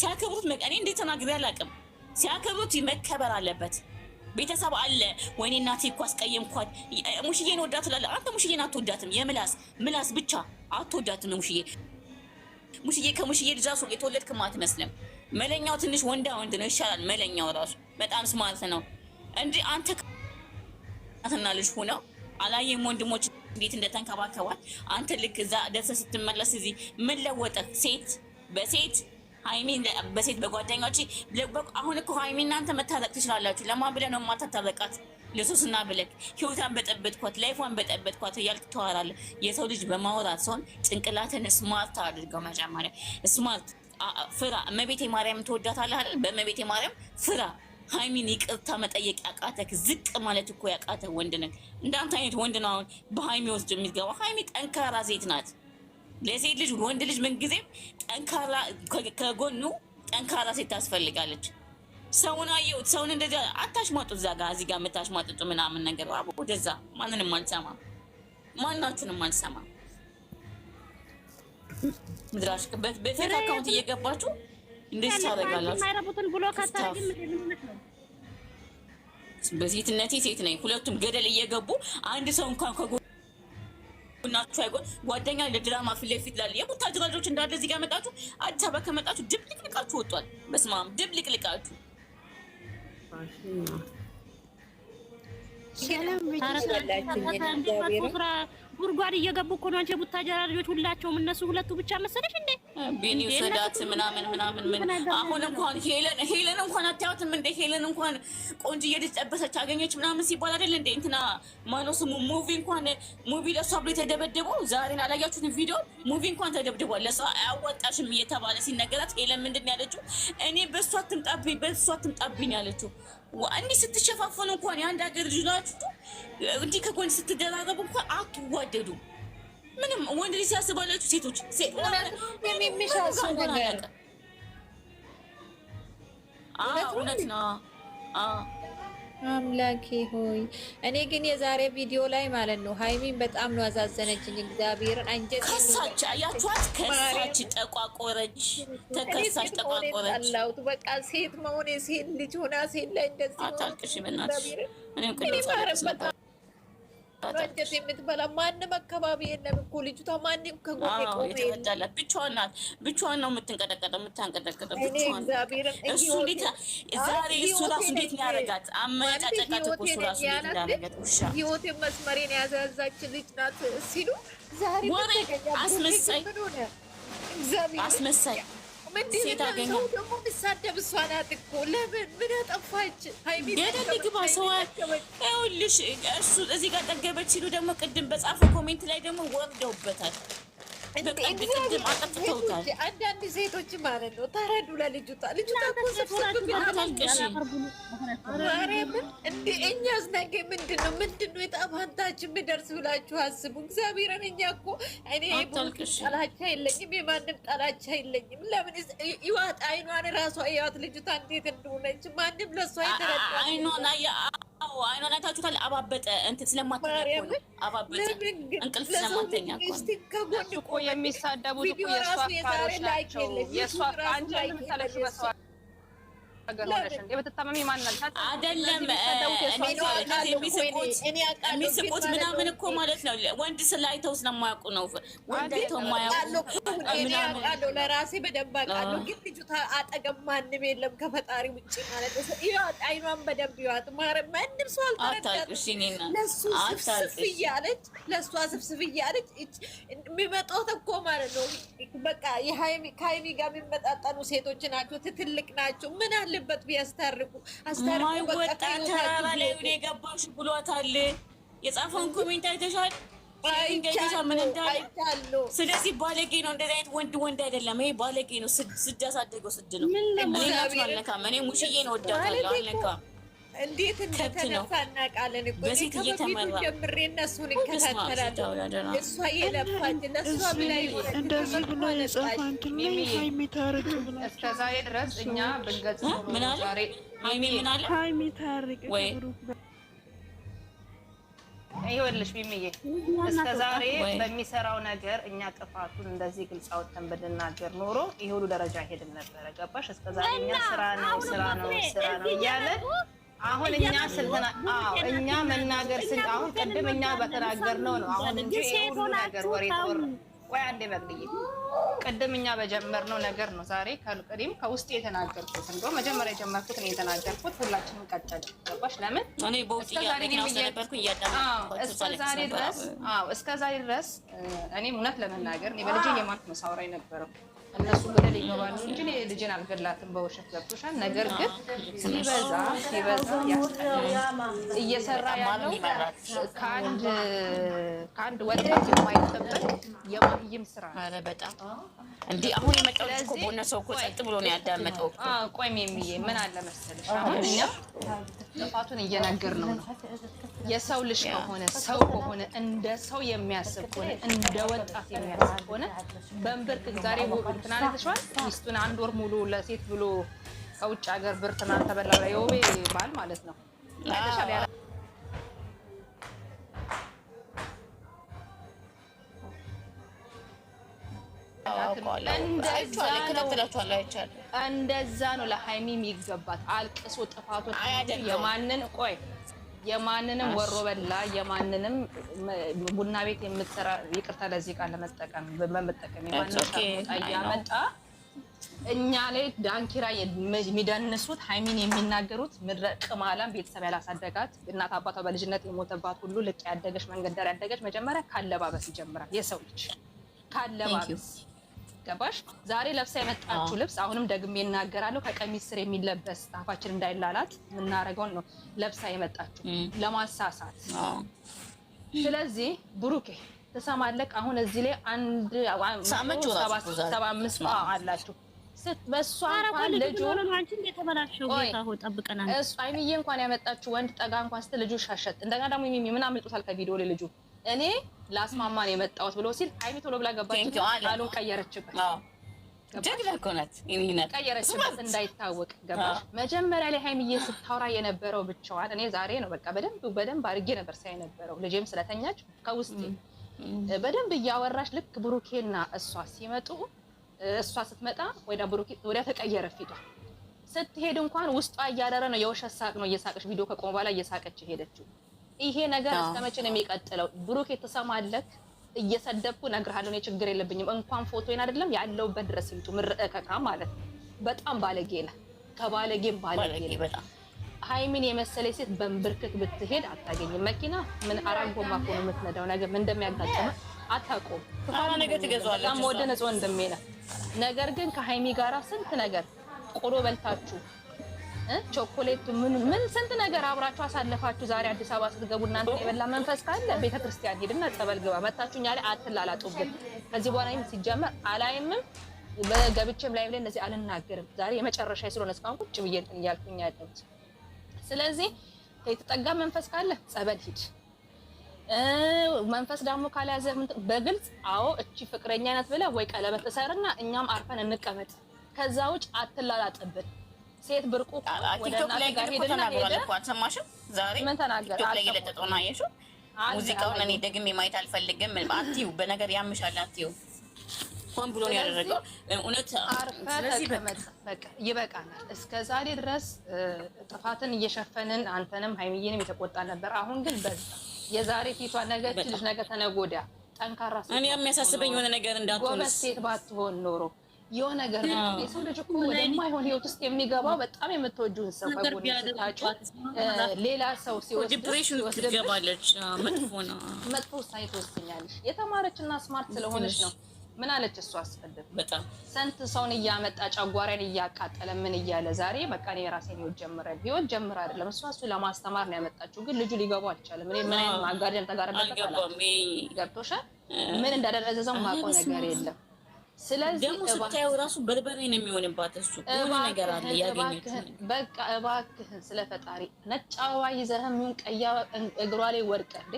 ሲያከብሩት እኔ እንዴት ተናግሬ አላውቅም። ሲያከብሩት መከበር አለበት። ቤተሰብ አለ። ወይኔ እናቴ እኮ አስቀየምኳት፣ ሙሽዬን ወዳት ላለ አንተ። ሙሽዬን አትወዳትም። የምላስ ምላስ ብቻ አትወዳትም ሙሽዬ። ሙሽዬ ከሙሽዬ ልጅ ራሱ የተወለድክ አትመስልም። መለኛው ትንሽ ወንዳ ወንድ ነው ይሻላል። መለኛው ራሱ በጣም ስማርት ነው እንጂ አንተ ትና ልጅ ሁነው አላየም ወንድሞች እንዴት እንደተንከባከባል። አንተ ልክ እዛ ደርሰህ ስትመለስ እዚህ ምን ለወጠ ሴት በሴት ሀይሚ በሴት በጓደኞች አሁን እኮ ሀይሚ እናንተ መታረቅ ትችላላችሁ። ለማን ብለህ ነው የማታታረቃት? ለሶስና ብለህ ህይወቷን በጠበጥኳት፣ ላይፏን በጠበጥኳት እያልክ ትዋራለህ። የሰው ልጅ በማውራት ሲሆን ጭንቅላትን ስማርት አድርገው። መጀመሪያ ስማርት ፍራ። እመቤቴ ማርያም ትወዳታለህ አይደል? በእመቤቴ ማርያም ፍራ። ሀይሚን ይቅርታ መጠየቅ ያቃተክ ዝቅ ማለት እኮ ያቃተህ ወንድ ነህ። እንዳንተ አይነት ወንድ ነው አሁን በሀይሚ ውስጥ የሚገባ። ሀይሚ ጠንካራ ሴት ናት። ለሴት ልጅ ወንድ ልጅ ምንጊዜም ጠንካራ ከጎኑ ጠንካራ ሴት ታስፈልጋለች። ሰውን አየሁት፣ ሰውን እንደዚያ አታሽሟጡ፣ እዛ ጋ እዚህ ጋ የምታሽሟጥጡ ምናምን ነገር አብ ወደዛ፣ ማንንም አልሰማም፣ ማናችንም አልሰማም። ምድራሽ በፌክ አካውንት እየገባችሁ እንደዚህ ታደርጋላችሁ? በሴትነቴ ሴት ነኝ። ሁለቱም ገደል እየገቡ አንድ ሰው እንኳን ከጎ ቡናችሁ አይጎል ጓደኛ ለድራማ ፊት ለፊት ላለ የቡታጅራ ልጆች እንዳለ እዚህ ጋር መጣችሁ። አዲስ አበባ ከመጣችሁ ድብልቅልቃችሁ ወጥቷል። በስመ አብ ድብልቅልቃችሁ። ጉድጓድ እየገቡ እኮ ነው የቡታጅራ ልጆች ሁላቸውም። እነሱ ሁለቱ ብቻ መሰለሽ እንዴ ቤኒ ውሰዳት ምናምን ምናምን ምን አሁን እንኳን ሄለን ሄለን እንኳን አታያትም እንደ ሄለን እንኳን ቆንጆ እየሄደች አገኘች ምናምን ሲባል አይደል እንደ እንትና ማነው ስሙ ሙቪ እንኳን ሙቪ ለእሷ ብሎ የተደበደበው ዛሬን አላያችሁትን ቪዲዮ ሙቪ እንኳን ተደብድቧል ለእሷ አያወጣሽም እየተባለ ሲነገራት ሄለን ምንድን ያለችው እኔ በእሷ አትምጣብኝ በእሷ አትምጣብኝ ያለችው እንዲህ ስትሸፋፈኑ እንኳን የአንድ ሀገር ልጅ ናችሁ እንዲህ ከጎን ስትደራረቡ እንኳን አትዋደዱ ምንም ወንድ ልጅ ሲያስባላችሁ ሴቶች አምላኬ ሆይ እኔ ግን የዛሬ ቪዲዮ ላይ ማለት ነው ሀይሚን በጣም ነው አዛዘነችኝ። እግዚአብሔርን አንጀት ከሳች፣ አያችኋት? ከሳች፣ ጠቋቆረች፣ ተከሳች፣ ጠቋቆረች። አላውት በቃ ሴት መሆኔ ሴት ልጅ ሆና ሴት ላይ እንደዚህ አታልቅሽ፣ በእናትሽ እኔም ቅድም እንጨት የምትበላ ማንም አካባቢ የለም እኮ ልጅቷ። ማንም ከጎን ብቻዋን ናት። ብቻዋን ነው የምትንቀጠቀጠው የምታንቀጠቀጠው ብቻዋን። እሱ ዛሬ እሱ ራሱ እንዴት ያደረጋት አመጫጨቃት እኮ እሱ ራሱ እንዴት ያደረጋት ውሻ ህይወቴን መስመሬን ያዘዛች ልጅ ናት ሲሉ ዛሬ አስመሳይ አስመሳይ ሴት አገኘ ደግሞ የሚሳደብ እሷ ናት እኮ። ለምን ምን አጠፋች? ገደል ግባ ሰዋል። ይኸውልሽ እሱ እዚህ ጋር ጠገበች ሲሉ ደግሞ ቅድም በጻፈው ኮሜንት ላይ ደግሞ ወርደውበታል። አንዳንድ ሴቶች ማለት ነው ተረዱ። ለልጁታ ልጁታ እኛስ ነገ ምንድን ነው ምንድን ነው የጣፋንታችን ምደርስ ብላችሁ አስቡ። እግዚአብሔርን እኛ እኮ እኔ ጠላቻ የለኝም፣ የማንም ጠላቻ የለኝም። ለምን ይዋት አይኗን ራሷ ያዋት ልጁታ እንዴት እንደሆነች ማንም ለእሷ የተረዳ አዎ አባበጠ እንትን ስለማትተኛ አባበጠ እንቅልፍ እኮ የሚሳደቡት እኮ የእሷ ናቸው። የእሷ አንቺ ለምሳሌ በሰዋ የሚስቁት ምናምን እኮ ማለት ነው። ወንድ ስላይተው ስለማያውቁ ነው። ወንድ አይተው የማያውቁ ለራሴ በደንብ አውቃለሁ፣ ግን ልጁ አጠገብ ማንም የለም ከፈጣሪ ውጭ ማለት ነው። አይኗን በደንብ ይኸዋት፣ ማርያም ማንም ሰው አልተረዳትም። ለእሱ ስፍስፍ እያለች ለእሷ ስፍስፍ እያለች የሚመጣው እኮ ማለት ነው በቃ ከሀይሚ ጋር የሚመጣጠኑ ሴቶች ናቸው። ትትልቅ ናቸው። ምን አለበት ቢያስታርቁ? አስታርቁወጣ ተራራ ላይ ወደ የገባሽ ብሏታል። የጻፈውን ኮሜንት አይተሻል? ስለዚህ ባለጌ ነው። እንደዚህ አይነት ወንድ ወንድ አይደለም። ይሄ ባለጌ ነው። ስድ አሳደገው ስድ ነው። እኔ ሙሽዬን ወዳታለሁ፣ አልነካም እንዴት እንደተነሳ እናውቃለን። በሴት እየተመራ ጀምሬ እነሱን እከታተላለሁ። እሷ የለፋች እነሷ ብላይ እንደዚህ ብሎ የጻፈ ሀይሚ ታርቅ ብላ እስከዛሬ ድረስ እኛ ብንገጽ ምን አለ ሀይሚ ምን አለ ሀይሚ ታርቅ ወይ ይኸውልሽ ቢምዬ እስከ ዛሬ በሚሰራው ነገር እኛ ጥፋቱን እንደዚህ ግልጽ አውጥተን ብንናገር ኖሮ ይሄ ሁሉ ደረጃ ሄድም ነበረ። ገባሽ? እስከ ዛሬ እኛ ስራ ነው ስራ ነው ስራ ነው አሁን እኛ ስልተና እኛ መናገር ስል አሁን ቅድም እኛ በተናገርነው ነው። አሁን እንጂ ሁሉ ነገር ወሬ ተወራ። ወይ አንዴ መቅድዬ፣ ቅድም እኛ በጀመርነው ነገር ነው ዛሬ ከልቅሪም ከውስጥ የተናገርኩት። እንደው መጀመሪያ የጀመርኩት ነው የተናገርኩት። ሁላችንም ቀጫጭ ገባሽ? ለምን እኔ ቦጥ እስከ ዛሬ ድረስ እኔ እውነት ለመናገር እኔ በልጄ የማት መሳውራ የነበረው እነሱ ወደ ይገባሉ እንጂ ልጅን አልገላትም። በውሸት ገብቶሻል። ነገር ግን ሲበዛ ሲበዛ እየሰራ ያለው ከአንድ ከአንድ ወጣት የማይጠበቅ የማይም ስራ አረ በጣም እንዲህ አሁን የመጣው ልጅ በሆነ ሰው እኮ ጸጥ ብሎ ነው ያዳመጠው። ቆይ የሚዬ ምን አለ መሰለሽ አሁን እኛ ጥፋቱን እየነገርን ነው። የሰው ልጅ ከሆነ ሰው ከሆነ እንደ ሰው የሚያስብ ከሆነ እንደ ወጣት የሚያስብ ከሆነ በእንብርክክ ዛሬ እንትና ነትሸዋል ሚስቱን አንድ ወር ሙሉ ለሴት ብሎ ከውጭ ሀገር ብር ትናንት ተበላ ብላ የውቤ ባል ማለት ነው። እንደዛ ነው ለሀይሚ የሚገባት። አልቅሶ ጥፋቶች የማንን ቆይ የማንንም ወሮ በላ የማንንም ቡና ቤት የምትሰራ ይቅርታ ለዚህ ቃል ለመጠቀም በመጠቀም እያመጣ እኛ ላይ ዳንኪራ የሚደንሱት ሀይሚን የሚናገሩት ምድረ ቅማላም ቤተሰብ ያላሳደጋት እናት አባቷ በልጅነት የሞተባት ሁሉ ልቅ ያደገች መንገድ ዳር ያደገች መጀመሪያ ካለባበስ ይጀምራል። የሰው ልጅ ካለባበስ ገባሽ? ዛሬ ለብሳ የመጣችው ልብስ አሁንም ደግሜ እናገራለሁ፣ ከቀሚስ ስር የሚለበስ ጣፋችን እንዳይላላት የምናደርገውን ነው ለብሳ የመጣችው ለማሳሳት። ስለዚህ ብሩኬ ትሰማለቅ። አሁን እዚህ ላይ አንድ ሰባ አምስት አላችሁ በእሷ እንኳን ልጁ አይሚዬ እንኳን ያመጣችሁ ወንድ ጠጋ እንኳን ስትል ልጁ ሻሸት። እንደገና ደግሞ ምናምን ልጡታል ከቪዲዮ ላይ ልጁ እኔ ላስማማን የመጣሁት ብሎ ሲል ሀይሚ ቶሎ ብላ ገባች፣ አሉን ቀየረችበት። ጀግና እኮ ናት። ቀየረችበት እንዳይታወቅ ገባ። መጀመሪያ ላይ ሀይሚዬ ስታወራ የነበረው ብቻዋን እኔ ዛሬ ነው በቃ በደንብ በደንብ አድርጌ ነበር ሳይ ነበረው ልጄም ስለተኛች ከውስጤ በደንብ እያወራች ልክ ብሩኬና እሷ ሲመጡ እሷ ስትመጣ ወዲያ ብሩኬ ወደ ተቀየረ ፊቷ ስትሄድ እንኳን ውስጧ እያደረ ነው የውሸት ሳቅ ነው እየሳቀች ቪዲዮ ከቆመ በኋላ እየሳቀች የሄደችው ይሄ ነገር እስከመቼ ነው የሚቀጥለው? ብሩክ የተሰማለክ እየሰደብኩ እነግርሃለሁ። እኔ ችግር የለብኝም። እንኳን ፎቶዬን አይደለም ያለሁበት ድረስ ይምጡ። ምርቀቃ ማለት በጣም ባለጌ ነህ፣ ከባለጌም ባለጌ ነህ። ሀይሚን የመሰለ ሴት በንብርክክ ብትሄድ አታገኝም። መኪና ምን አራት ጎማ እኮ ነው የምትነዳው። ነገር ምን እንደሚያጋጥም አታውቅም። በጣም ወደ ነጽ ወንድሜ ነህ። ነገር ግን ከሀይሚ ጋራ ስንት ነገር ቆሎ በልታችሁ ቾኮሌት ምን ምን ስንት ነገር አብራችሁ አሳለፋችሁ። ዛሬ አዲስ አበባ ስትገቡ እናንተ የበላ መንፈስ ካለ ቤተ ክርስቲያን ሄድና ጸበል ግባ። መታችሁ እኛ ላይ አትላላጡብን። ከዚህ በኋላ ሲጀመር አላይምም በገብቼም ላይ ብለን እንደዚህ አልናገርም። ዛሬ የመጨረሻ ስለሆነ እስካሁን ቁጭ ብዬ እያልኩኝ ያለሁት። ስለዚህ የተጠጋ መንፈስ ካለ ጸበል ሂድ። መንፈስ ደግሞ ካልያዘ በግልጽ አዎ እቺ ፍቅረኛ ናት ብለህ ወይ ቀለበት እሰርና እኛም አርፈን እንቀመጥ። ከዛ ውጭ አትላላጥብን። ሴት ብርቁ ቲክቶክ ላይ ግርቁ ተናግሯል እኮ አልሰማሽም? ዛሬ ቲክቶክ ላይ የለጠጠውን አየሽው? ሙዚቃውን እኔ ደግሜ ማየት አልፈልግም። አትዩ በነገር ያምሻል። አትዩ ሆን ብሎ ነው ያደረገው። እውነት ይበቃናል። እስከ ዛሬ ድረስ ጥፋትን እየሸፈንን አንተንም ሀይሚዬንም የተቆጣ ነበር። አሁን ግን በዛ የዛሬ ፊቷ ነገ ትልሽ ነገ ተነጎዳ ጠንካራ እኔ የሚያሳስበኝ የሆነ ነገር እንዳትሆን ሴት ባትሆን ኖሮ የሆነ ነገር የሰው ልጅ እኮ ወደማይሆን ህይወት ውስጥ የሚገባው በጣም የምትወጂውን ሰው ሌላ ሰው መጥፎ ውሳኔ ትወስኛለሽ። የተማረች እና ስማርት ስለሆነች ነው። ምን አለች እሱ አስፈልግ ስንት ሰውን እያመጣ ጨጓራን እያቃጠለ ምን እያለ ዛሬ በቃ እኔ የራሴን ህይወት ጀምረ ህይወት ጀምር አይደለም እሷ እሱ ለማስተማር ነው ያመጣችው። ግን ልጁ ሊገባው አልቻለም። እኔ ምን አይነት ማጋደል ተጋረበት ገብቶሻል። ምን እንዳደረዘዘው ማቆ ነገር የለም ስለዚህ ደግሞ ስታየው ራሱ በርበሬ ነው የሚሆንባት። እሱ ሁሉ ነገር አለ ያገኘች። በቃ እባክህን ስለፈጣሪ ነጭ አበባ ይዘህም ይሁን ቀይ እግሯ ላይ ወርቀ እንዴ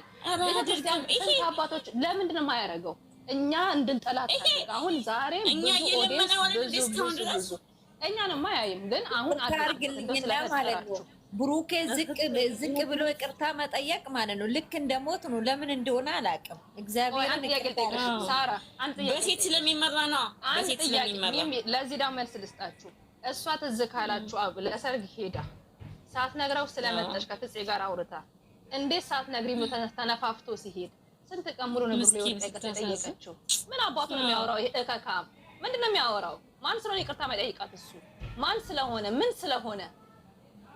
ቤተክርስቲያን አባቶች ለምንድን ነው የማያደርገው? እኛ እንድንጠላት አሁን ዛሬ እኛ የለመናው ብዙ አያይም፣ ግን አሁን አድርግልኝ ማለት ነው ብሩኬ ዝቅ ብሎ ይቅርታ መጠየቅ ማለት ነው። ልክ እንደ ሞት ነው። ለምን እንደሆነ አላውቅም። እግዚአብሔርን በሴት ስለሚመራ ነው። ለዚህ ዳ መልስ ልስጣችሁ። እሷ ትዝ ካላችሁ አብ ለሰርግ ሄዳ ሳትነግረው ስለመጠሽ ከፍፄ ጋር አውርታ እንዴት ሳትነግሪ ተነፋፍቶ ሲሄድ ስንት ቀን ሙሉ ነው የጠየቀችው? ምን አባቱ ነው የሚያወራው? እከካም ምንድን ነው የሚያወራው? ማን ስለሆነ ይቅርታ መጠይቃት? እሱ ማን ስለሆነ ምን ስለሆነ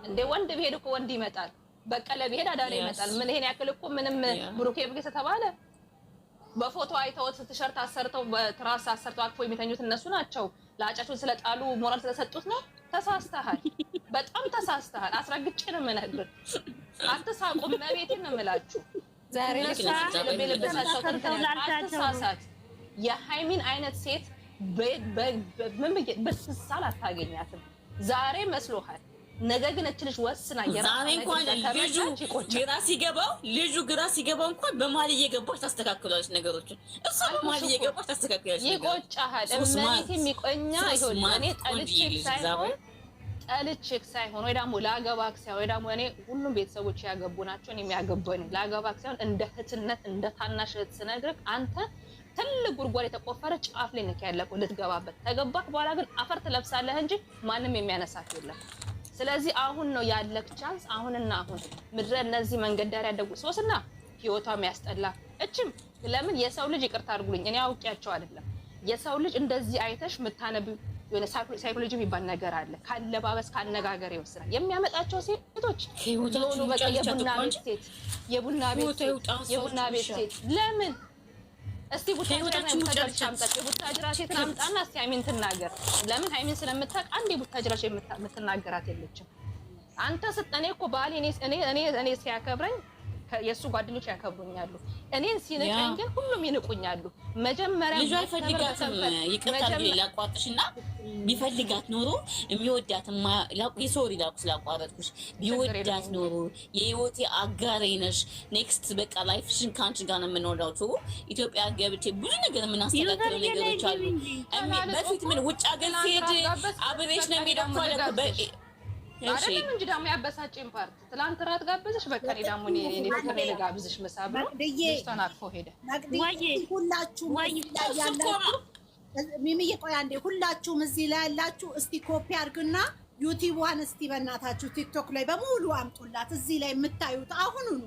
እንደ ወንድ ብሄድ እኮ ወንድ ይመጣል። በቀለ ብሄድ አዳላ ይመጣል። ምን ይሄን ያክል እኮ ምንም ብሩኬ ብሩኬ ተባለ። በፎቶ አይተውት ቲሸርት አሰርተው በትራስ አሰርተው አቅፎ የሚተኙት እነሱ ናቸው። ለአጫቹን ስለጣሉ ሞራል ስለሰጡት ነው። ተሳስተሃል፣ በጣም ተሳስተሃል። አስረግጬ ነው የምነግርህ። አትሳቁ፣ መቤቴን ነው የምላችሁ። ዛሬ አትሳሳት። የሃይሚን አይነት ሴት በምን ብትሳል አታገኛትም። ዛሬ መስሎሃል ነገር ግን እች ልጅ ወስና ዛሬ እንኳን ልጁ ግራ ሲገባው ልጁ ግራ ሲገባው እንኳን በመሀል እየገባች ታስተካክላለች ነገሮችን። እሷ በመሀል እየገባች ታስተካክላለች። ይቆጫሃል። እመቤቴ የሚቆኛ ይሆን እኔ ጠልቼክ ሳይሆን ጠልቼክ ሳይሆን ወይ ደግሞ ለአገባክ ሳይሆን ወይ ደግሞ እኔ ሁሉም ቤተሰቦች ያገቡ ናቸው የሚያገባኝ ለአገባክ ሳይሆን እንደ እህትነት እንደ ታናሽ እህት ስነግርህ አንተ ትልቅ ጉድጓድ የተቆፈረ ጫፍ ላይ ነክ ያለቁ ልትገባበት ተገባክ። በኋላ ግን አፈር ትለብሳለህ እንጂ ማንም የሚያነሳት የለም። ስለዚህ አሁን ነው ያለክ ቻንስ፣ አሁንና አሁን ምድረ እነዚህ መንገድ ዳር ያደጉ ሶስና ህይወቷ የሚያስጠላ እችም። ለምን የሰው ልጅ ይቅርታ አድርጉልኝ፣ እኔ አውቄያቸው አይደለም። የሰው ልጅ እንደዚህ አይተሽ ምታነብ የሆነ ሳይኮሎጂ የሚባል ነገር አለ። ካለባበስ ካነጋገር ይወስናል። የሚያመጣቸው ሴቶች የቡና ቤት ሴት፣ የቡና ቤት ሴት፣ የቡና ቤት ሴት ለምን እስቲ ቡታጅራችን ቡታጅራ ሴት አምጣና እስቲ ሀይሚን ትናገር። ለምን ሀይሚን ስለምታውቅ አንድ የቡታጅራ ሴት የምትናገራት የለችም። አንተ ስጠኔ እኮ ባል እኔ እኔ እኔ ሲያከብረኝ የእሱ ጓደኞች ያከብሩኛሉ። እኔን ሲንቀኝ ግን ሁሉም ይንቁኛሉ። መጀመሪያ ልጇ አይፈልጋትም። ይቅርታ ላቋርጥሽ እና ቢፈልጋት ኖሮ የሚወዳት ሶሪ ላቁ ስላቋረጥኩሽ ቢወዳት ኖሮ የህይወቴ አጋሬ ነሽ፣ ኔክስት በቃ ላይፍሽን ከአንቺ ጋር ነው የምንወዳው ኢትዮጵያ ገብቼ ብዙ ነገር የምናስተካክለው ነገሮች አሉ። በፊት ምን ውጭ ሀገር ሲሄድ አብሬሽ ነው የሚሄደው አይደለም እንጂ ደግሞ ያበሳጭን ፓርት ትላንት ራት ጋብዝሽ፣ በቃ እኔ ደግሞ እኔ እኔ ፍቅሬ ልጋብዝሽ ምሳ ብሎ ሚስቷን አቅፎ ሄደ። ሁላችሁም ሚሚዬ፣ ቆይ አንዴ፣ ሁላችሁም እዚህ ላይ ያላችሁ እስቲ ኮፒ አድርግና ዩቲዩብዋን እስቲ በእናታችሁ ቲክቶክ ላይ በሙሉ አምጡላት። እዚህ ላይ የምታዩት አሁኑኑ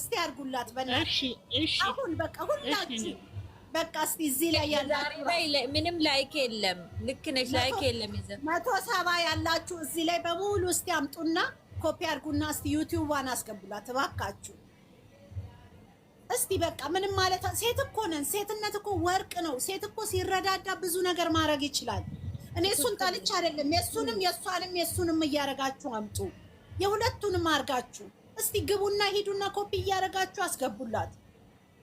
እስቲ አድርጉላት በእናትሽ አሁን በቃ ሁላችሁ በቃ እስቲ እዚህ ላይ ያላችሁ ምንም ላይክ የለም። ልክ ነሽ፣ ላይክ የለም። መቶ ሰባ ያላችሁ እዚህ ላይ በሙሉ እስቲ አምጡና ኮፒ አድርጉና እስቲ ዩቲዩብዋን አስገቡላት እባካችሁ። እስቲ በቃ ምንም ማለት ሴት እኮ ነን። ሴትነት እኮ ወርቅ ነው። ሴት እኮ ሲረዳዳ ብዙ ነገር ማድረግ ይችላል። እኔ እሱን ጠልቼ አይደለም። የእሱንም የእሷንም የእሱንም እያደረጋችሁ አምጡ። የሁለቱንም አድርጋችሁ እስቲ ግቡና ሂዱና ኮፒ እያደረጋችሁ አስገቡላት።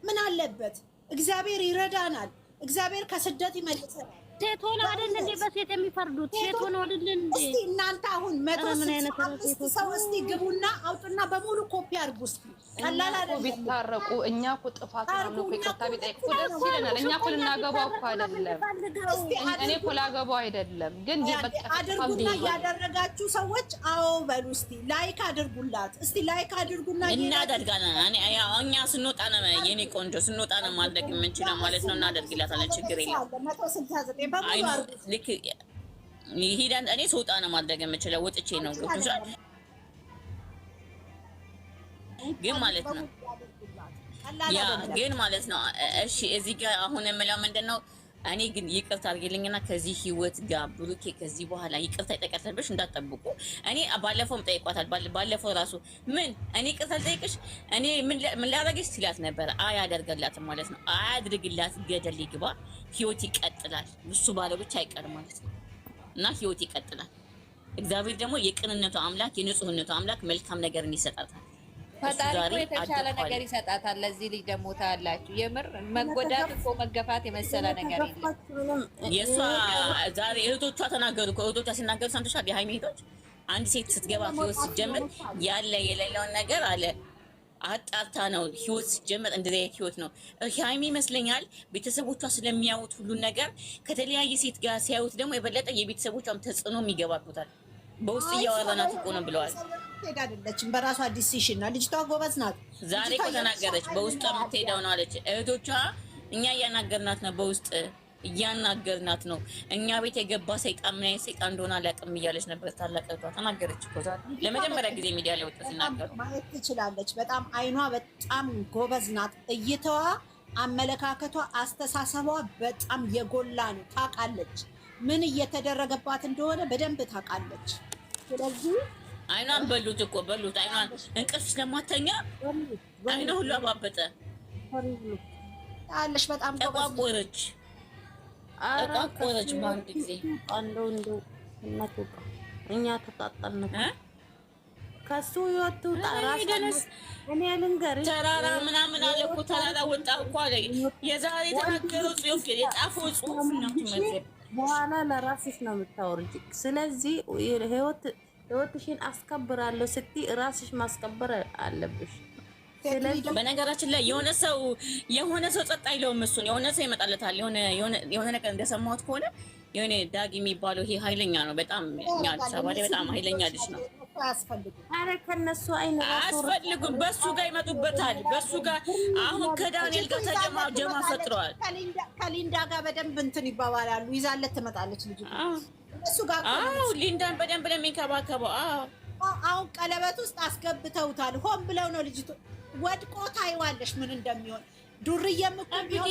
ምን አለበት? እግዚአብሔር ይረዳናል። እግዚአብሔር ከስደት ይመልሰናል። ሴት ሆነ አይደል እንዴ በሴት የሚፈርዱት? ሴት ሆነ አይደል እንዴ? እስቲ እናንተ አሁን መቶ ሰው እስቲ ግቡና አውጡና በሙሉ ኮፒ አድርጉ። እስቲ ቀላል አይደለም። ቢታረቁ እኛ እኮ ጥፋት ነው እኮ ይቅርታ ቢጠይቁ ደስ ይለናል። እኛ እኮ ልናገባው እኮ አይደለም፣ እኔ እኮ ላገባው አይደለም። ግን አድርጉና ያደረጋችሁ ሰዎች አዎ በሉ እስቲ ላይክ አድርጉላት። እስቲ ላይክ አድርጉና እናደርጋለን። እኛ ስንወጣ ነው የኔ ቆንጆ፣ ስንወጣ ነው ማድረግ የምንችለው ማለት ነው። እናደርግላታለን። ችግር የለም። ልክ ይሄዳን እኔ ስወጣ ነው ማድረግ የምችለው ወጥቼ ነው ግን ማለት ነው ግን ማለት ነው እሺ፣ እዚህ ጋር አሁን የምለው ምንድን ነው እኔ ግን ይቅርታ አድርጌልኝና ከዚህ ህይወት ጋር ብሩኬ ከዚህ በኋላ ይቅርታ ይጠቀሰብሽ እንዳትጠብቁ። እኔ ባለፈውም ጠይቋታል። ባለፈው ራሱ ምን እኔ ይቅርታ ልጠይቅሽ እኔ ምን ላደረግሽ ሲላት ነበረ። አደርገላት ማለት ነው። አያድርግላት፣ ገደል ይግባ። ህይወት ይቀጥላል። እሱ ባለ ብቻ አይቀር ማለት ነው እና ህይወት ይቀጥላል። እግዚአብሔር ደግሞ የቅንነቱ አምላክ የንጹህነቱ አምላክ መልካም ነገርን ይሰጣታል። ፈጣሪ እኮ የተሻለ ነገር ይሰጣታል። ለዚህ ልጅ ደግሞ ታላችሁ የምር መጎዳት እኮ መገፋት የመሰለ ነገር የእሷ ዛሬ እህቶቿ ተናገሩ። እህቶቿ ሲናገሩ ሰምተሻል? የሀይሚ እህቶች አንድ ሴት ስትገባ ህይወት ሲጀመር ያለ የሌለውን ነገር አለ አጣርታ ነው ህይወት ሲጀመር እንደዚህ አይነት ህይወት ነው። ሀይሚ ይመስለኛል ቤተሰቦቿ ስለሚያዩት ሁሉን ነገር ከተለያየ ሴት ጋር ሲያዩት ደግሞ የበለጠ የቤተሰቦቿም ተጽዕኖም ይገባበታል። በውስጥ እያወራናት እኮ ነው ብለዋል የምትሄድ አይደለችም። በራሷ ዲሲሽን ነው። ልጅቷ ጎበዝ ናት። ዛሬ እኮ ተናገረች። በውስጥ የምትሄደው ነው አለች። እህቶቿ እኛ እያናገርናት ነው፣ በውስጥ እያናገርናት ነው። እኛ ቤት የገባ ሰይጣን ምን አይነት ሰይጣን እንደሆነ አላውቅም እያለች ነበር። ታላቅ እህቷ ተናገረች እኮ ዛሬ ለመጀመሪያ ጊዜ ሚዲያ ላይ ወጣ ሲናገሩ ማየት ትችላለች። በጣም አይኗ በጣም ጎበዝ ናት። እይታዋ፣ አመለካከቷ፣ አስተሳሰቧ በጣም የጎላ ነው። ታውቃለች ምን እየተደረገባት እንደሆነ በደንብ ታውቃለች። ስለዚህ አይኗን በሉት እኮ በሉት። አይኗን እንቅልፍ ስለማተኛ አይኗ ሁሉ አባበጠ። አለሽ በጣም ተቋቆረች፣ ተቋቆረች በአንድ ጊዜ። እንደው እንደው እናቱ እኛ ተጣጣነ ከሱ ይወጡ ጣራስ እኔ ልንገርሽ፣ ተራራ ምናምን አለ እኮ ተራራ ወጣ እኮ አለ። የዛሬ የተናገረው ጽሁፍ የጻፈው ጽሁፍ ነው። በኋላ ለራስሽ ነው የምታወርጂ። ስለዚህ ህይወት ህይወትሽን አስከብራለሁ ስትይ ራስሽ ማስከበር አለብሽ። በነገራችን ላይ የሆነ ሰው የሆነ ሰው ጸጥ አይለውም። እሱን የሆነ ሰው ይመጣለታል። የሆነ ነገር እንደሰማሁት ከሆነ የሆነ ዳግ የሚባለው ይሄ ኃይለኛ ነው በጣም እኛ አዲስ አበባ ላይ በጣም ኃይለኛ ልጅ ነው። ኧረ አያስፈልጉም። በሱ ጋር ይመጡበታል። በሱ ጋር አሁን ከዳንኤል ጋር ተጀማ ጀማ ፈጥረዋል። ከሊንዳ ጋር በደንብ እንትን ይባባላሉ። ይዛለት ትመጣለች ልጅ አዎ ሊንዳን በደንብ ነው አሁን ቀለበት ውስጥ አስገብተውታል። ሆን ብለው ነው ልጅቱ ወድቆ ታይዋለሽ ምን እንደሚሆን። ዱርዬም እኮ ቢሆን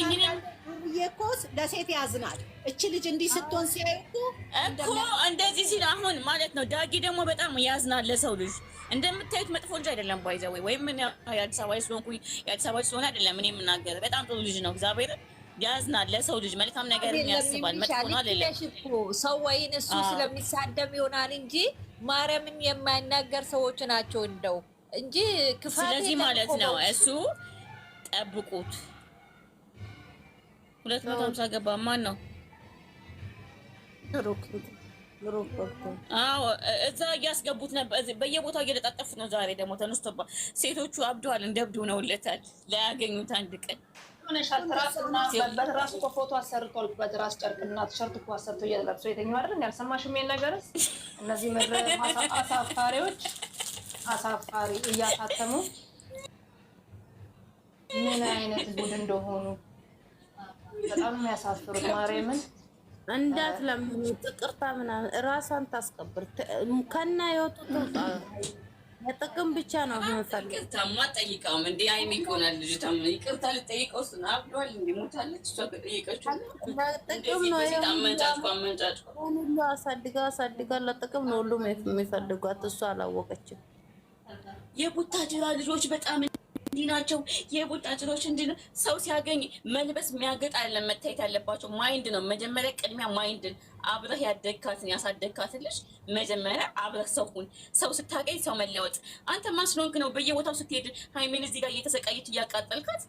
ዱርዬ እኮ ለሴት ያዝናል። እቺ ልጅ እንዲህ ስትሆን ሲያዩ እኮ እንደዚህ ሲል አሁን ማለት ነው። ዳጊ ደግሞ በጣም ያዝናል ለሰው ልጅ። እንደምታዩት መጥፎ ልጅ አይደለም። ባይዘወይ ወይም የአዲስ አበባ ስለሆንኩኝ የአዲስ አበባ ስለሆነ አይደለም እኔ የምናገር በጣም ጥሩ ልጅ ነው እግዚአብሔር ያዝናል። ለሰው ልጅ መልካም ነገር የሚያስባል መጥፎና ሰው ወይን እሱ ስለሚሳደብ ይሆናል እንጂ ማርያምን የማይናገር ሰዎች ናቸው እንደው እንጂ ክፋት። ስለዚህ ማለት ነው እሱ ጠብቁት። ሁለት መቶ ሀምሳ ገባ። ማን ነው? አዎ እዛ እያስገቡት ነበር። በየቦታው እየለጣጠፉት ነው። ዛሬ ደግሞ ተነስቶባ ሴቶቹ አብደዋል። እንደብዱ ነውለታል። ላያገኙት አንድ ቀን ሆነሻል ትራስና እኮ ፎቶ አሰርቷል። በትራስ ጨርቅና ቲሸርት እኮ አሰርቶ እየለብሶ የተኛው አይደል? ያልሰማሽም ይሄን ነገርስ እነዚህ ምድረ አሳፋሪዎች አሳፋሪ እያሳተሙ ምን አይነት ጉድ እንደሆኑ በጣም የሚያሳፍሩት ማርያምን እንዳት ለምን ይቅርታ ምናምን እራሷን ታስከብር ከና ይወጡ ለጥቅም ብቻ ነው ምንፈልግ። ይቅርታማ ጠይቀውም እንዲ አይኔ ከሆናል ልጅታም ይቅርታ ልጠይቀው ስና አብዷል እንዲ ሞታለች። እሷ ከጠየቀችው ጥቅም ነው አመንጫጭ አሳድጋ አሳድጋ ለጥቅም ነው ሁሉም የሚፈልጓት። እሷ አላወቀችም። የቡታጅራ ልጆች በጣም እንዲህ ናቸው የቡጣ ጭኖች እንዲ ሰው ሲያገኝ መልበስ የሚያገጥ አይደለም መታየት ያለባቸው ማይንድ ነው መጀመሪያ ቅድሚያ ማይንድን አብረህ ያደግካትን ያሳደግካትን ልጅ መጀመሪያ አብረህ ሰው ሁን ሰው ስታገኝ ሰው መለወጥ አንተ ማን ስለሆንክ ነው በየቦታው ስትሄድ ሃይሜን እዚህ ጋር እየተሰቃየች እያቃጠልካት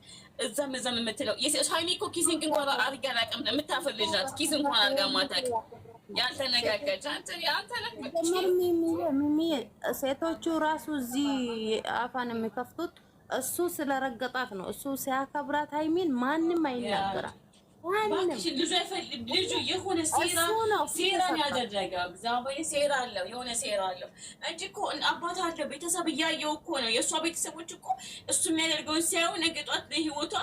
እዛም እዛም የምትለው ሀይሜ እኮ ኪስን እንኳን አድርጌ አላውቅም የምታፍር ልጅ ናት ኪስ እንኳን አድርጋ ማታውቅ ያልተነጋገች አንተ ሴቶቹ ራሱ እዚህ አፋን የሚከፍቱት እሱ ስለረገጣት ነው። እሱ ሲያከብራት ሀይሚን ማንም አይናገራ ልጁ የሆነ ሴራን ያደረገ እግዚአብሔር ሴራ አለው፣ የሆነ ሴራ አለው እንጂ እኮ አባት አለው። ቤተሰብ እያየው እኮ ነው። የእሷ ቤተሰቦች እኮ እሱ የሚያደርገውን ሲያዩ ነገ ጧት ለህይወቷ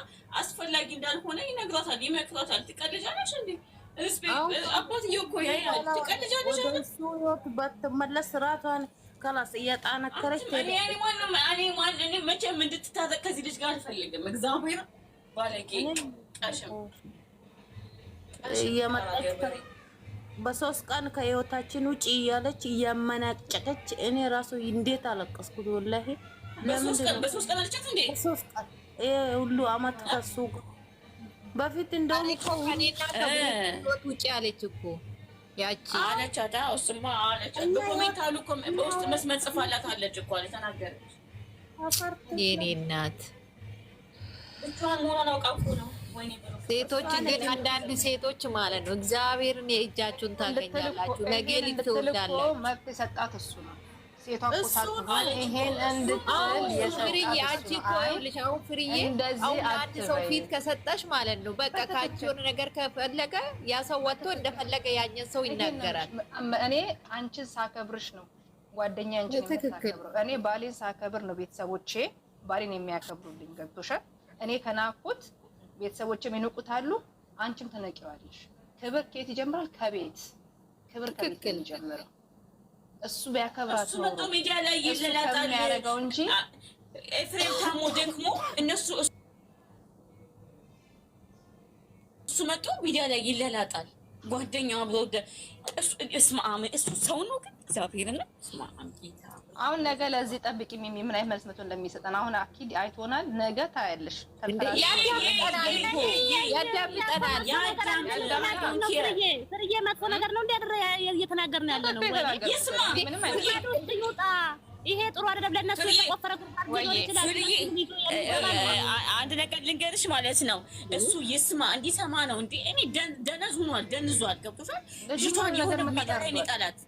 አስፈላጊ እንዳልሆነ ይነግሯታል፣ ይመክሯታል። ትቀልጃለሽ እንዴ? አባትዬው እኮ ያያል። ትቀልጃለሽ። ስራቷን ከላስ እያጣነከረች መቼም እንድትታጠቅ ከዚህ ልጅ ጋር አልፈልግም። እግዚአብሔር ባለጌ በሶስት ቀን ከህይወታችን ውጭ እያለች እያመናጨቀች እኔ ራሱ እንዴት አለቀስኩት። ወላሂ ይሄ ሁሉ አመት ከሱ በፊት እንደውም ውጭ አለች እኮ ያቺ አለቻት። አዎ እሱማ አለቻት። በኮሜንት እኮ በውስጥ መስመር ጽፋላት አለች እኮ አለ የኔ እናት ሴቶች ግን አንዳንድ ሴቶች ማለት ነው እግዚአብሔርን የእጃችሁን ታገኛላችሁ። ነገ ልትወልዳለች። መብት የሰጣት እሱ ነው። ሴቷ ይሄን ሰው ፊት ከሰጠሽ ማለት ነው በቃ ከአንቺ የሆነ ነገር ከፈለገ ያ ሰው ወጥቶ እንደፈለገ ያኛን ሰው ይናገራል። እኔ አንቺን ሳከብርሽ ነው ጓደኛ እኔ ባሌን ሳከብር ነው ቤተሰቦቼ ባሌን የሚያከብሩልኝ። ገብቶሻል? እኔ ከናኩት ቤተሰቦቼም ይንቁታሉ፣ አንቺም ትነቂዋለሽ። ክብር ከየት ይጀምራል? ከቤት ክብር ከቤት ይጀምራል። እሱ ቢያከብራት ነው እሱ ሚዲያ ላይ ይለላጣል ያደረገው እንጂ ኤፍሬም ታሞ ደክሞ እነሱ እሱ መጥቶ ሚዲያ ላይ ይለላጣል። ጓደኛው አብሮ እሱ እስማአም እሱ ሰው ነው ግን እግዚአብሔርና እስማአም ጌታ አሁን ነገ ለዚህ ጠብቂ ሚሚ ምን አይነት መልስ መቶ እንደሚሰጠን አሁን አኪድ አይቶናል። ነገ ታያለሽ። ያዳምጠናል። መጥፎ ነገር ነው እንዲያደረ እየተናገርን ያለ ነው። ይሄ ጥሩ አይደለም። ለነሱ የተቆፈረ አንድ ነገር ልንገርሽ ማለት ነው። እሱ ይስማ እንዲሰማ ነው እንዲ እኔ ደነዝ ሆኗል፣ ደንዟል። ገብቶሻል? ልጅቷን የሆነ የሚጠራ ይጣላት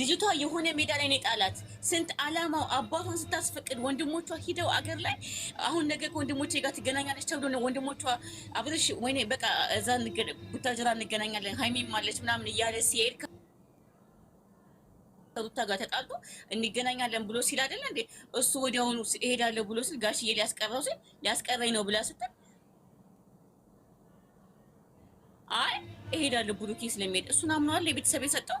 ልጅቷ የሆነ ሜዳ ላይ ጣላት። ስንት አላማው አባቷን ስታስፈቅድ ወንድሞቿ ሂደው አገር ላይ አሁን ነገ ከወንድሞቼ ጋር ትገናኛለች ተብሎ ነው ወንድሞቿ አብረሽ ወይ በቃ እዛ ቡታጅራ እንገናኛለን ሀይሚም አለች ምናምን እያለ ሲሄድ ከሩታ ጋር ተጣሉ እንገናኛለን ብሎ ሲል አይደለ እንዴ እሱ ወዲያውኑ እሄዳለሁ ብሎ ሲል ጋሽዬ ሊያስቀረው ሲል ሊያስቀረኝ ነው ብላ ስትል አይ እሄዳለሁ ብሩኬ ስለሚሄድ እሱን አምነዋል የቤተሰብ የሰጠው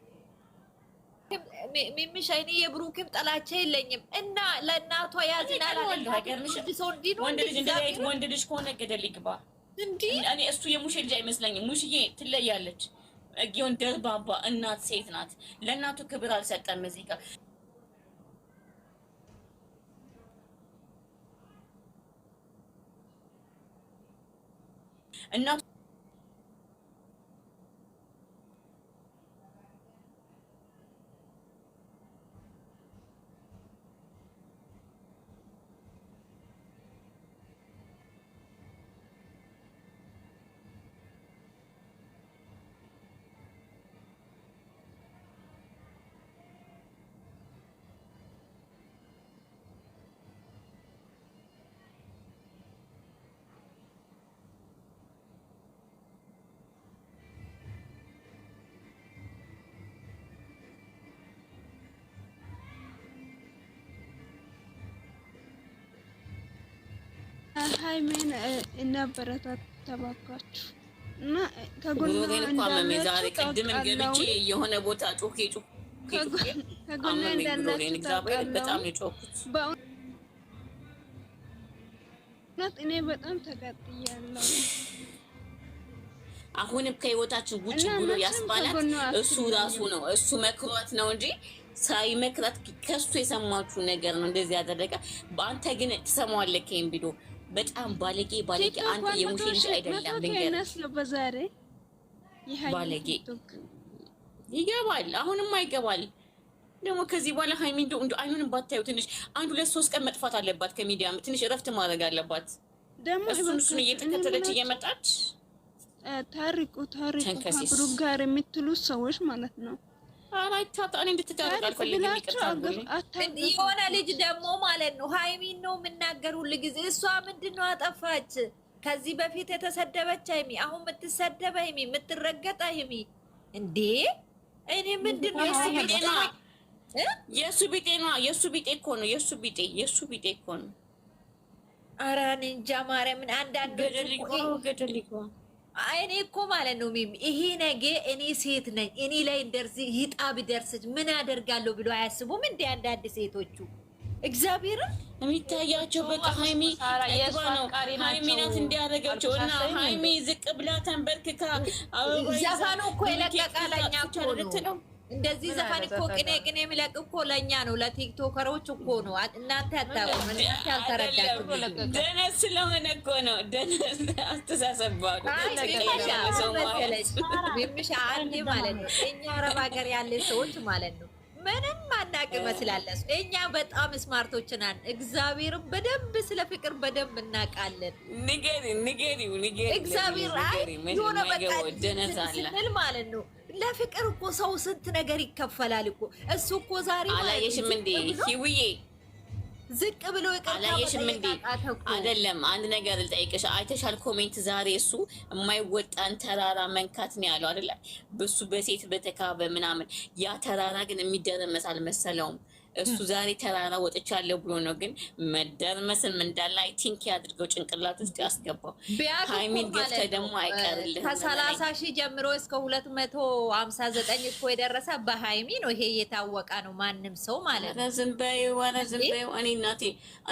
ሚሚሽ እኔ የብሩክም ጥላቻ የለኝም እና ለእናቷ ያዝና ወንድ ልጅ ከሆነ ገደል ይግባ። እኔ እሱ የሙሽ ልጅ አይመስለኝም። ሙሽዬ ትለያለች። ጊዮን ደርባባ እናት ሴት ናት። ለእናቱ ክብር አልሰጠም እዚህ ጋር እናቱ ሀይሜን እናበረታት ተባካችሁ እና ከጎኗ እንዳላችሁ የሆነ ቦታ ጮኬ ከጎኗ እኔ በጣም ተቀጥያለሁ። አሁንም ከህይወታችን ውጭ ብሎ ያስባላት እሱ ራሱ ነው። እሱ መክሯት ነው እንጂ ሳይመክራት ከሱ የሰማችሁ ነገር ነው እንደዚህ ያደረገ። በአንተ ግን ትሰማዋለህ ከኤምቢዶ በጣም ባለጌ ባለጌ አንተ የሙሴ ልጅ አይደለም ልንገርህ። ባለጌ ይገባል፣ አሁንም አይገባል ደግሞ ከዚህ በኋላ ሀይሚ እንደው እንደው አይኑን ባታዩ ትንሽ አንድ ሁለት ሶስት ቀን መጥፋት አለባት ከሚዲያ ትንሽ እረፍት ማድረግ አለባት። ደግሞ እሱን እሱን እየተከተለች እየመጣች ታሪቁ ታሪቁ ከብሩ ጋር የምትሉ ሰዎች ማለት ነው የሆነ ልጅ ደግሞ ማለት ነው ሀይሚን ነው የምናገር ሁል ጊዜ። እሷ ምንድን ነው አጠፋች? ከዚህ በፊት የተሰደበች ሀይሚ፣ አሁን የምትሰደበ ሀይሚ፣ የምትረገጥ ሀይሚ እንዴ! እኔ ምንድን ነው የእሱ ቢጤ ነው። የእሱ ቢጤ እኮ ነው። የእሱ ቢጤ የእሱ ቢጤ እኮ ነው። ኧረ እኔ እንጃ ማርያምን አንዳንዶች እኔ እኮ ማለት ነው ሚሚ ይሄ ነገ እኔ ሴት ነኝ እኔ ላይ እንደዚህ ይጣ ብደርስች ምን አደርጋለሁ ብሎ አያስቡም። እንደ አንዳንድ ሴቶቹ እግዚአብሔርን የሚታያቸው በቃ ሀይሚ ነው ሀይሚ ናት እንዲያደረገችው እና ሀይሚ ዝቅ ብላ ተንበርክካ ዘፈኑ እኮ የለቀቃለኛ ነው እንደዚህ ዘፈን እኮ ቅኔ ቅኔ የሚለቅ እኮ ለእኛ ነው፣ ለቲክቶከሮች እኮ ነው። እናንተ አታውቁም፣ እናንተ አልተረዳችሁም። ደነስ ስለሆነ እኮ ነው። ደነስ አስተሳሰባሉ አንዴ ማለት ነው። እኛ አረብ ሀገር ያለ ሰዎች ማለት ነው ምንም አናውቅ መስላለሱ። እኛ በጣም ስማርቶች ነን። እግዚአብሔርን በደንብ ስለ ፍቅር በደንብ እናውቃለን። ንገሪ ንገሪ ንገሪ እግዚአብሔር አይ የሆነ በቃ ስንል ማለት ነው ለፍቅር እኮ ሰው ስንት ነገር ይከፈላል እኮ። እሱ እኮ ዛሬ አላየሽም እንዴ ሂውዬ? ዝቅ ብሎ አላየሽም እንዴ? አይደለም አንድ ነገር ልጠይቅሽ። አይተሻል ኮሜንት ዛሬ እሱ የማይወጣን ተራራ መንካት ነው ያለው አይደለም? በሱ በሴት በተካበ ምናምን ያ ተራራ ግን የሚደረመስ አልመሰለውም። እሱ ዛሬ ተራራ ወጥቻለሁ ብሎ ነው። ግን መደርመስን እንዳለ አይ ቲንክ ያድርገው ጭንቅላት ውስጥ ያስገባው ሃይሚን ገብተህ ደግሞ አይቀርልህም። ከሰላሳ ሺህ ጀምሮ እስከ ሁለት መቶ ሀምሳ ዘጠኝ እኮ የደረሰ በሃይሚ ነው። ይሄ የታወቀ ነው። ማንም ሰው ማለት ነው። ዝም በይ ኧረ ዝም በይ። እኔ እናቴ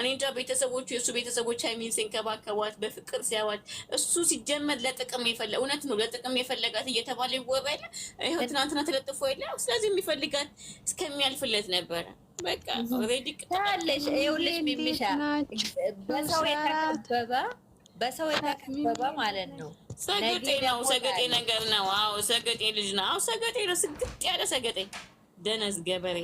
እኔ እንጃ ቤተሰቦቹ የእሱ ቤተሰቦች ሃይሚን ሲንከባከቧት በፍቅር ሲያዋት እሱ ሲጀመር ለጥቅም የፈለ እውነት ነው ለጥቅም የፈለጋት እየተባለ ይወራ የለ ይኸው ትናንትና ተለጥፎ የለ ስለዚህ የሚፈልጋት እስከሚያልፍለት ነበረ በቃ ኦልሬዲ ታለሽ ይኸውልሽ፣ ሚሚሻ በሰው የተከበበ በሰው የተከበበ ማለት ነው። ሰገጤ ነው፣ ሰገጤ ነገር ነው። አዎ ሰገጤ ልጅ ነው። አዎ ሰገጤ ነው፣ ስግጥ ያለ ሰገጤ ደነስ ገበሬ